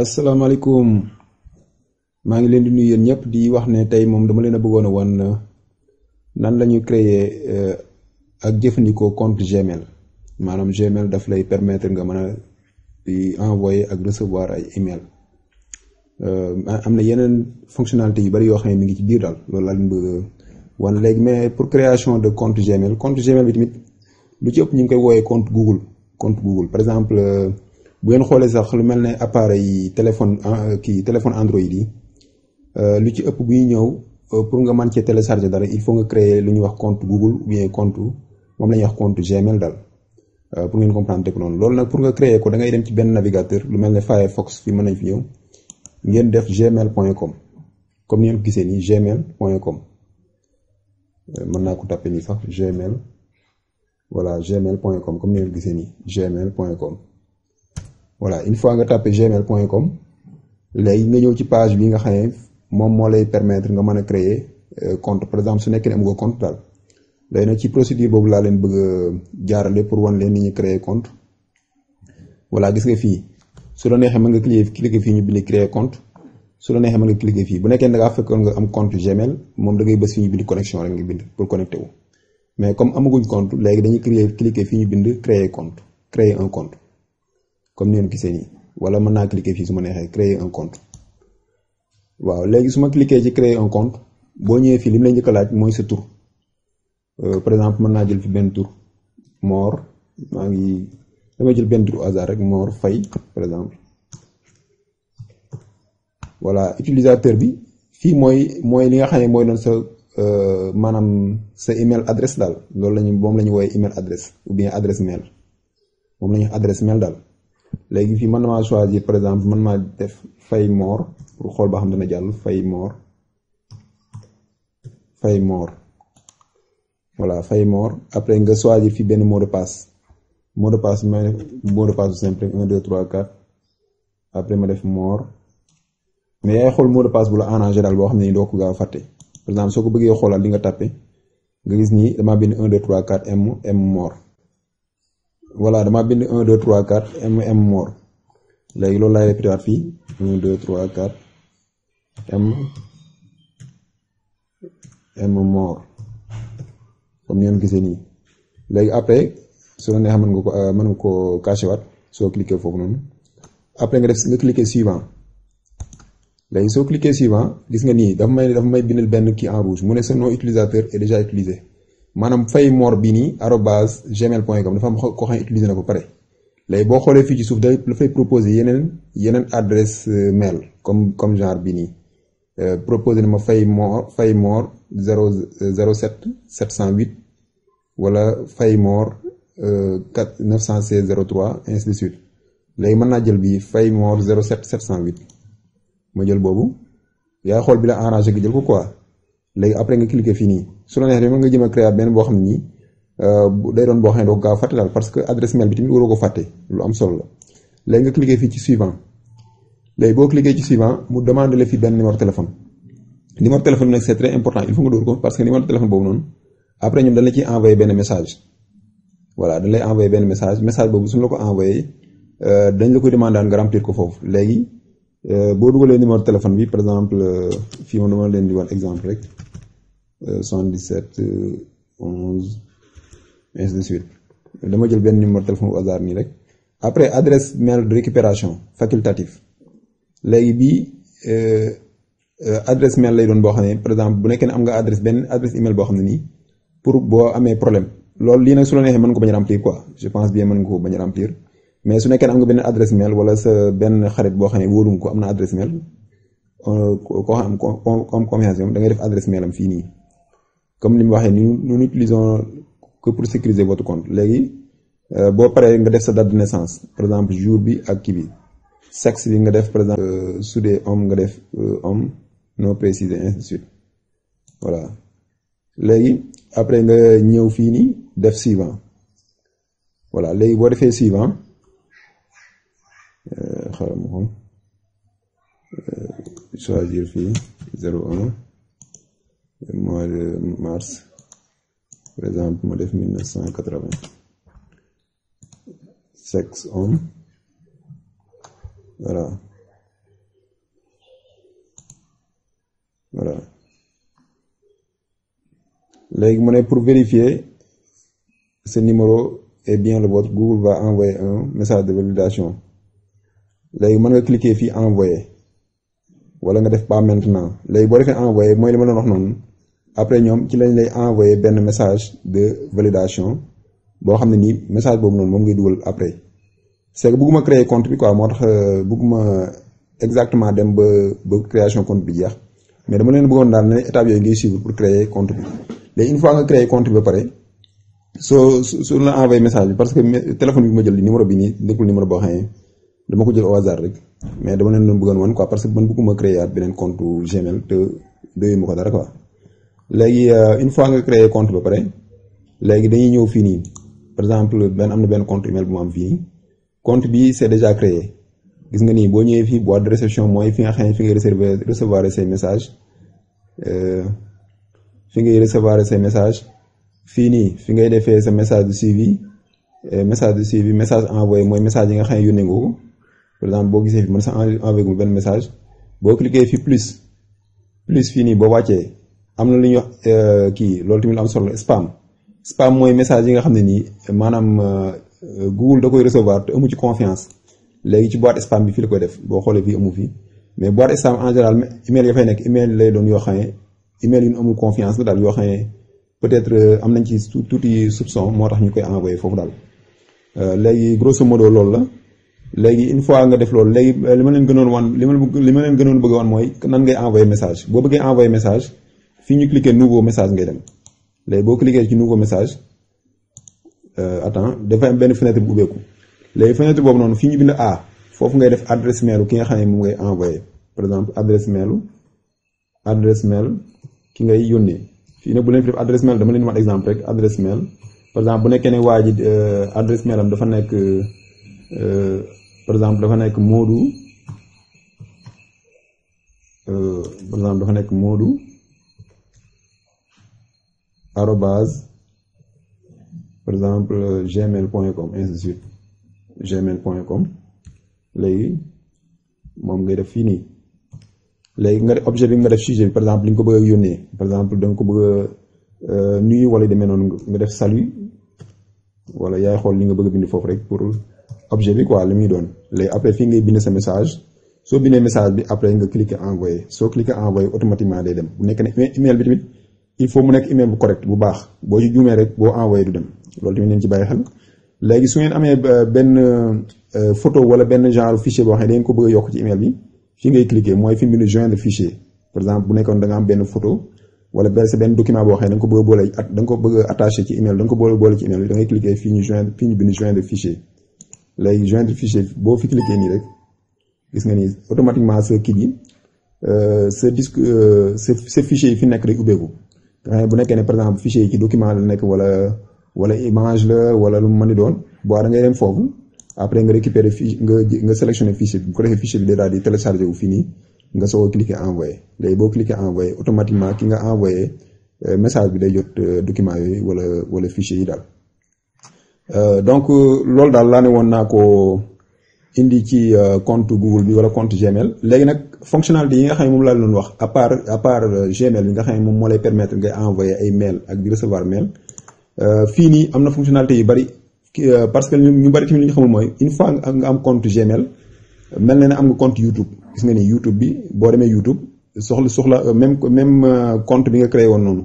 asalaamaaleykum maa ngi leen di nuyu yéen ñëpp di wax ne tey moom dama leen a bëggoon a wan euh, nan la créer euh, ak jëfandikoo compte Gmail maanaam Gmail daf lay permettre nga mën a di ak recevoir ay email euh, am na yeneen fonctionnalité yu bari yoo xam ne mi ngi ci biir daal loolu laa leen bëgg wan léegi mais pour création de compte Gmail compte Gmail bi tamit lu ci ëpp ñu ngi koy wooyee compte Google compte Google par exemple. bu ngeen xoolee sax lu mel ne appareil yi téléphone euh, kii téléphone Android yi euh, lu ci ëpp buy ñëw euh, pour nga mën cee télécharger dara il faut nga créer lu ñu wax compte Google ou bien compte moom la ñuy wax compte Gmail daal pour ngeen comprendre ko noonu loolu nag pour nga créer ko da dem ci benn navigateur lu mel ne Firefox fi mën nañ fi ñëw ngeen def gmail.com comme ni ngeen ko gisee nii gmail.com mën naa ko tapé nii sax gmail voilà gmail.com comme ni ngeen ko gisee nii gmail.com. voilà une fois nga tapé gmail point com léegi nga ñëw ci page bi nga xam ne moom moo lay permetre nga mën a créer euh, compte par exemple su nekkee ne am nga compte daal léegi nag ci procédure boobu laa leen bëgg a jaarale pour wan leen ni ñu créer compte voilà gis nga fii su la neexee mën nga cliquer cliquer fii ñu bind créer compte su la neexee mën nga cliquer bu nekkee da a fekkoon nga am compte gmail moom da ngay bës fii ñu bind connexion rek nga bind pour connecter wu mais comme amaguñ compte léegi dañuy créer cliquer fii ñu bind créer compte créer un compte comme ni ngeen gisee wala mën naa cliquer fii su ma neexee créer un compte waaw léegi su ma cliquer ci créer un compte boo ñëwee fii li mu la njëkk laaj mooy sa tur euh, par exemple mën naa jël fi benn tur Mor maa ngi damay jël benn tur hasard rek Mor fay par exemple voilà utilisateur bi fii mooy mooy li nga xam ne mooy doon sa euh, maanaam sa email adresse daal loolu lañu moom la ñu woowee email adresse ou bien adresse mail moom lañuy ñu mail daal léegi fii man maa choisir par exemple man maa def fay moor pour xool ba xam dana jàll fay moor fay moor voilà fay moor après nga choisir fii benn mot pass passe mot de passe ma def mot de passe simple 1 2 3 4 après ma def moor mais yaay xool mot de bu la arrangé daal boo xam ne ni doo ko gaaw fàtte par exemple soo ko bëggee xoolaal di nga tàppe nga gis nii dama bind un 2 3 4 m m moor voilà damaa bind 1 2 3 4 M M Mor loolu laay répété fii 1 2 3 4 M M gisee nii léegi après soo neexee mën nga ko euh, mën nga koo caché waat soo cliqué foofu noonu après nga def nga cliqué suivant léegi soo cliqué suivant gis nga nii dafa may dafa may bindal benn kii en rouge mu ne sa nom utilisateur est déjà utilisé. maanaam fay mor bi nii arobase gmail point com dafa am koo xam ne na ba pare léegi boo xoolee fii ci suuf day dafay proposé yeneen yeneen adresse euh, mail comme comme genre bi nii euh, proposé na ma fay mor fay mor 0 07 708 wala fay mor 4 916 03 ainsi de léegi mën naa jël bii fay mor 07 708 ma jël boobu yaa xool bi la arrangé gi jël ko quoi léegi après nga cliquer fii nii su la neexee mën nga jëm a créer benn boo xam ne nii euh, day doon boo xam ne doo gaaw fàtte daal parce que adresse mail bi tamit waroo ko fàtte lu am solo la léegi nga cliquer fii ci suivant léegi boo cliquer ci suivant mu demande la fi benn numéro téléphone numéro téléphone nag c'est très important il faut nga dóor ko parce que numéro téléphone boobu noonu après ñoom dañ la ciy envoyé benn message voilà dañ lay envoyé benn message message boobu suñu la ko envoyé euh, dañ la koy demandaan nga ko foofu léegi Euh, boo dugalee numéro téléphone bi par exemple euh, fii moom dama leen di wan exemple rek 77 euh, 11 ainsi de dama jël benn numéro téléphone au hasard nii rek après adresse mail de récupération facultative léegi bii adresse mail lay doon boo xam ne par exemple bu nekkee ne am nga adresse benn adresse email boo xam ne nii pour boo amee problème lool lii nag su la neexee mën nga ko bañ a remplir quoi pense bien mën nga ko bañ a mais su nekkee am nga benn adresse mail wala sa benn xarit boo xam ne wóolu ko am na adresse mail euh, koo xam comme confiance da ngay def adresse mail am fii nii comme ni mu waxee nous nous n'utilisons que pour sécuriser votre compte léegi euh, boo paree nga def sa date de naissance par exemple jour bi ak kii bi sexe bi nga def par exemple euh, su dee homme nga def homme non précisé ainsi de suite léegi après nga ñëw fii nii def suivant voilà léegi boo defee suivant. xaaral ma xool euh, choisir fii zéro un mois de mars par exemple ma def mille neuf cent quatre-vingt sexe léegi mu ne pour vérifier ce numéro est bien le vôtre Google va envoyer un message de validation léegi mën nga cliquer fii envoyer wala nga def pas maintenant léegi boo defee envoyer mooy la man doon wax noonu après ñoom ci lañ lay envoyer benn message de validation boo xam ne nii message boobu noonu moom ngay dugal après c'est que bëgguma créer compte bi quoi moo tax euh, bëgguma exactement dem ba ba création compte bi jeex mais dama leen bëggoon daal ne étapes yooyu ngay suivre pour créer compte bi léegi une fois nga créer compte bi ba pare soo su la envoyé message parce que téléphone bi ma jël di bi nii nekkul numéro boo xam ne dama ko jël au hasard rek mais dama ne doon bëggoon wan quoi parce que man bëgguma créer at beneen compte Gmail te doyu ma ko dara quoi léegi euh, une fois nga créer compte ba pare léegi dañuy ñëw fii nii par exemple benn am na benn compte email bu mu am fii nii compte bi c'est déjà créé gis nga nii boo ñëwee fii bois de réception mooy fi nga xam ne fi ngay recevoir recevoir say messages euh, fi ngay recevoir say messages fii nii fi ngay defee sa message de suivi euh, message de suivi message envoyé mooy message yi nga xam ne yónnee nga par exemple boo gisee fi man sax envoyé ma benn message boo cliqué fii plus plus fii nii boo wàccee am na lu ñuy wax euh, kii loolu tamit am solo spam spam mooy message yi nga xam ne nii maanaam euh, Google da koy recevoir te amu ci confiance léegi ci boîte spam bi fii la koy def boo xoolee fii amu fi mais boîte spam en général email ya fay nekk email lay doon yoo xam ne email yu ñu amul confiance la daal yoo xam ne peut-être euh, am nañ ci tuuti soupçon moo tax ñu koy envoyé foofu daal léegi grosso loolu la. léegi in fois nga def loolu léegi euh, li ma leen gënoon wan li ma li ma leen gënoon bëgg wan mooy nan ngay envoyer message boo bëggee envoyer message fii ñu cliquer nouveau message ngay dem léegi boo cliquer ci nouveau message euh, attends dafa am benn fenêtre bu ubbeeku léegi fenêtre boobu noonu fii ñu bind A foofu ngay def adresse mail ki nga xam ne moom ngay envoyer par exemple adresse mail adresse mail ki ngay yónnee fii ne bu leen fi def adresse mail dama leen wan exemple rek adresse mail par ne waa ji euh, adresse am dafa nekk. par exemple dafa nekk Moodu euh, par exemple dafa nekk Moodu arobase par exemple euh, gmail point com ainsi de suite gmail point com léegi moom ngay def fii nii léegi nga def objet bi nga def sujet bi par exemple li nga ko bëgg a yónnee par exemple da nga ko bëgg a euh, nuyu wala demee noonu nga def salut wala yaay xool li nga bëgg a foofu rek pour. objet bi quoi li muy doon léegi après fii ngay bind sa message soo bindee message bi après nga cliquer envoyer soo cliquer envoyer automatiquement day dem bu nekk ne email bi tamit il faut nekk euh, euh, ne da ngeen ko bëgg fii ngay cliquer mooy fi mu bind joindre fichier par exemple bu nekkoon da am benn photo. wala benn sa benn document boo xam ne da ko bëgg a boole ko bëgg attaché ci email da nga ko boole boole ci email bi da ngay fii ñu lay joindre fichier boo fi cliquer nii rek gis nga ni automatiquement sa kii bi euh, sa disque euh, sa sa fichier yi fi nekk rek ubbeeku nga bu nekkee ne par exemple fichier yi ci document la nekk wala wala image la wala lu mu mën di doon boo da ngay dem foofu après nga récupérer fi nga nga sélectionner fichier bi bu ko defee fichier bi day daal télécharger wu fi nii nga soog a cliquer envoyé léegi boo cliquer envoyé automatiquement ki nga envoyé euh, message bi day jot document yooyu wala wala fichier yi daal. Euh, donc euh, loolu daal laa ne woon naa ko indi ci euh, compte Google bi wala compte Gmail léegi nag fonctionnalité yi nga xam ne moom laa leen wax à part à part Gmail bi nga xam ne moo lay permettre ngay ay mail ak di recevoir mail fii nii am na fonctionnalité yu bari parce que ñu bari tamit li ñu xamul mooy une fois nga am compte Gmail mel na ne am nga compte YouTube gis nga ni YouTube bi boo demee YouTube soxla soxla même même compte bi nga créé woon noonu.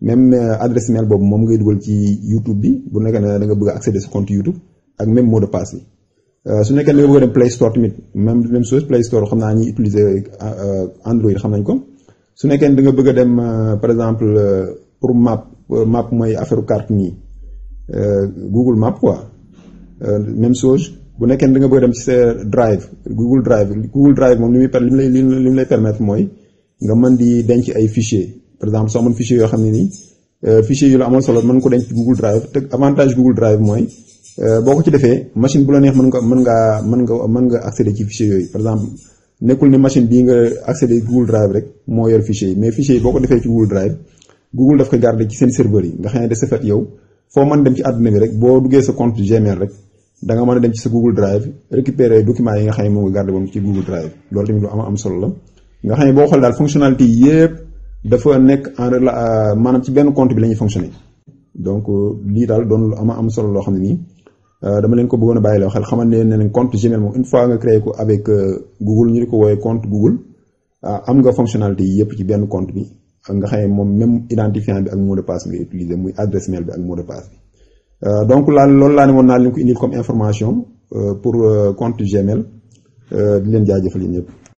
même euh, adresse mail boobu moom ngay dugal ci YouTube bi bu nekkee ne da nga bëgg a accéder sa compte YouTube ak même mot de passe euh, su nekkee da nga bëgg a dem Play Store tamit même même chose Play Store xam naa ñuy utiliser euh, xam nañ ko su nekkee da nga bëgg a dem par exemple pour map map mooy affaire carte nii Google Map quoi même chose bu nekkee da nga bëgg a dem ci sa drive Google Drive Google Drive moom li muy per li mu lay li mu lay permettre mooy nga mën di denc ay fichiers. par exemple soo amoon fichier yoo euh, la amoon solo mën ko denc ci Google Drive te avantage Google Drive mooy euh, boo ko ci defee machine bu la neex mën nga mën ngaa mën ci fichier yooyu par exemple nekkul ne machine bii nga accéder Google Drive rek moo yor fichier yi mais fichier yi boo ko defee ci Google Drive Google daf ko garder ci seen serveur yi nga xam ne de ce fait yow foo mën dem ci àdduna bi rek boo duggee sa compte Gmail rek da nga mën a dem ci sa Google yi nga xam ne moo nga garder woon ci Google dafa nekk en rela euh, maanaam ci benn compte bi la ñuy fonctionner donc euh, lii daal doon lu ama am solo loo xam ne nii euh, dama leen ko bëggoon bàyyi la xel xamal ne leen compte Gmail moom une fois nga créé ko avec Google ñu di ko woowee compte Google am nga fonctionnalité yi yëpp ci benn compte bi nga xam moom même identifiant bi ak mot de passe ngay utiliser muy adresse mail bi ak mot de passe donc laa loolu laa ne woon naa leen ko indil comme information pour compte Gmail di leen jaajëfal yéen ñëpp.